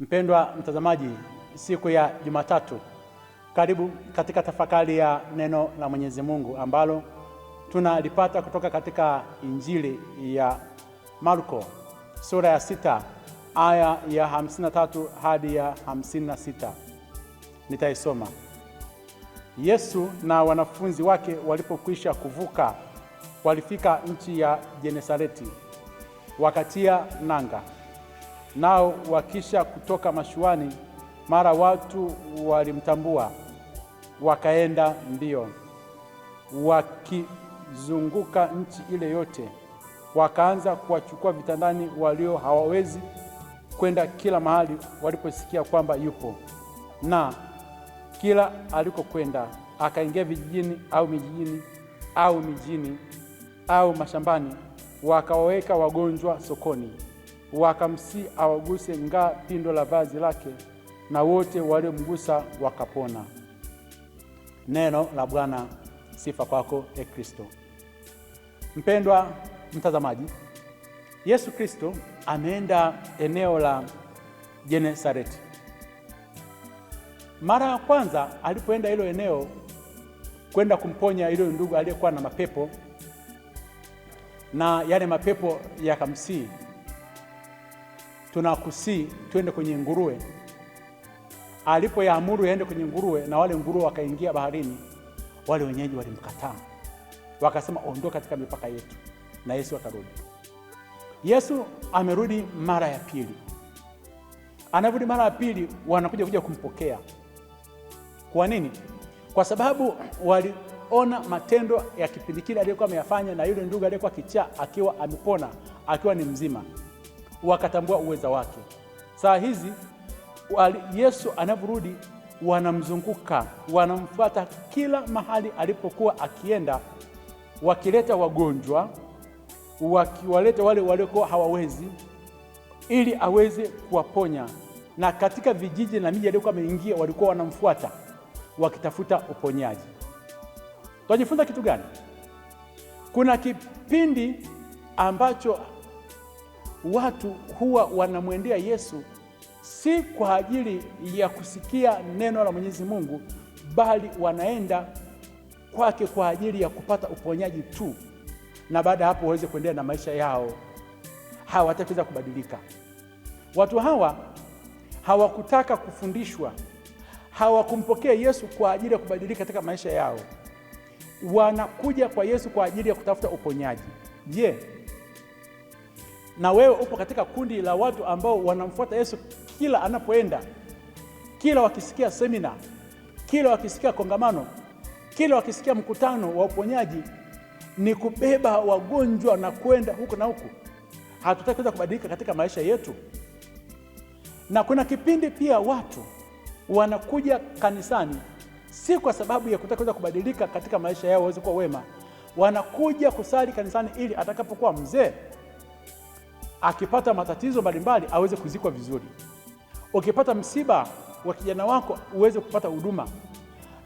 Mpendwa mtazamaji, siku ya Jumatatu, karibu katika tafakari ya neno la Mwenyezi Mungu ambalo tunalipata kutoka katika Injili ya Marko sura ya sita aya ya hamsini na tatu hadi ya hamsini na sita. Nitaisoma. Yesu na wanafunzi wake walipokwisha kuvuka, walifika nchi ya Genesareti, wakatia nanga Nao wakisha kutoka mashuani, mara watu walimtambua, wakaenda mbio wakizunguka nchi ile yote, wakaanza kuwachukua vitandani walio hawawezi kwenda kila mahali waliposikia kwamba yupo, na kila alikokwenda akaingia vijijini au mijijini au mijini au mashambani, wakawaweka wagonjwa sokoni wakamsi awaguse ngaa pindo la vazi lake, na wote waliomgusa wakapona. Neno la Bwana. Sifa kwako e Kristo. Mpendwa mtazamaji, Yesu Kristo ameenda eneo la Genesareti. Mara ya kwanza alipoenda hilo eneo kwenda kumponya ile ndugu aliyekuwa na mapepo, na yale mapepo yakamsii tunakusii twende kwenye nguruwe. Alipoyaamuru yaende kwenye nguruwe na wale nguruwe wakaingia baharini, wale wenyeji walimkataa, wakasema ondoka katika mipaka yetu, na Yesu akarudi. Yesu amerudi mara ya pili. Anarudi mara ya pili, wanakuja kuja kumpokea. Kwa nini? Kwa sababu waliona matendo ya kipindi kile aliyokuwa ameyafanya na yule ndugu aliyekuwa kichaa akiwa amepona, akiwa ni mzima wakatambua uweza wake. Saa hizi Yesu anaporudi wanamzunguka, wanamfuata kila mahali alipokuwa akienda, wakileta wagonjwa, wakiwaleta wale waliokuwa hawawezi, ili aweze kuwaponya. Na katika vijiji na miji aliyokuwa ameingia, walikuwa wanamfuata wakitafuta uponyaji. Tunajifunza kitu gani? Kuna kipindi ambacho watu huwa wanamwendea Yesu si kwa ajili ya kusikia neno la Mwenyezi Mungu, bali wanaenda kwake kwa ajili ya kupata uponyaji tu, na baada ya hapo waweze kuendelea na maisha yao. Hawataweza kubadilika. Watu hawa hawakutaka kufundishwa, hawakumpokea Yesu kwa ajili ya kubadilika katika maisha yao. Wanakuja kwa Yesu kwa ajili ya kutafuta uponyaji. Je, na wewe upo katika kundi la watu ambao wanamfuata Yesu kila anapoenda, kila wakisikia semina, kila wakisikia kongamano, kila wakisikia mkutano wa uponyaji, ni kubeba wagonjwa na kwenda huku na huku. Hatutaki kuweza kubadilika katika maisha yetu. Na kuna kipindi pia watu wanakuja kanisani si kwa sababu ya kutaka kuweza kubadilika katika maisha yao waweze kuwa wema, wanakuja kusali kanisani ili atakapokuwa mzee akipata matatizo mbalimbali aweze kuzikwa vizuri. Ukipata msiba wa kijana wako uweze kupata huduma.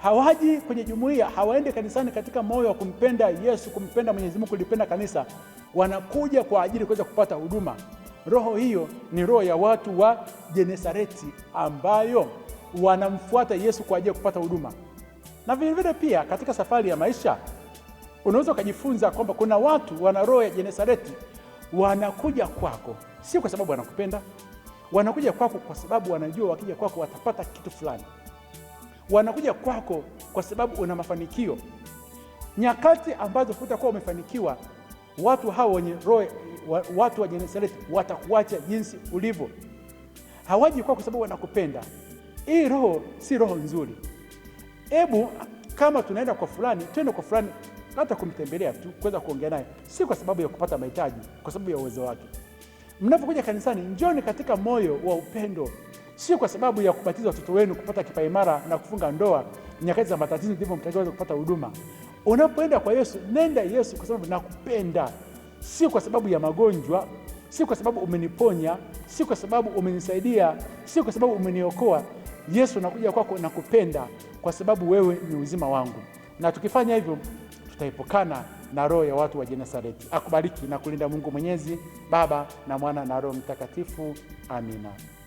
Hawaji kwenye jumuiya, hawaendi kanisani katika moyo wa kumpenda Yesu, kumpenda Mwenyezi Mungu, kulipenda kanisa. Wanakuja kwa ajili kuweza kupata huduma. Roho hiyo ni roho ya watu wa Genesareti ambayo wanamfuata Yesu kwa ajili ya kupata huduma. Na vilevile pia katika safari ya maisha unaweza ukajifunza kwamba kuna watu wana roho ya Genesareti wanakuja kwako sio kwa sababu wanakupenda, wanakuja kwako kwa sababu wanajua wakija kwako watapata kitu fulani. Wanakuja kwako kwa sababu una mafanikio. Nyakati ambazo hutakuwa umefanikiwa, watu hawa wenye roho, watu wa Genesareti watakuacha jinsi ulivyo. Hawaji kwako kwa sababu wanakupenda. Hii roho si roho nzuri. Hebu kama tunaenda kwa fulani, tuende kwa fulani hata kumtembelea tu, kuweza kuongea naye, si kwa sababu ya kupata mahitaji, kwa sababu ya uwezo wake. Mnapokuja kanisani, njoni katika moyo wa upendo, si kwa sababu ya kubatiza watoto wenu kupata kipaimara na kufunga ndoa nyakati za matatizo, ndivyo mtaweza kupata huduma. Unapoenda kwa Yesu, nenda Yesu kwa sababu nakupenda, si kwa sababu ya magonjwa, si kwa sababu umeniponya, si kwa sababu umenisaidia, si kwa sababu umeniokoa. Yesu nakuja kwako, nakupenda kwa sababu wewe ni uzima wangu, na tukifanya hivyo utaepukana na roho ya watu wa jenesareti Akubariki na kulinda Mungu Mwenyezi, Baba na Mwana na Roho Mtakatifu. Amina.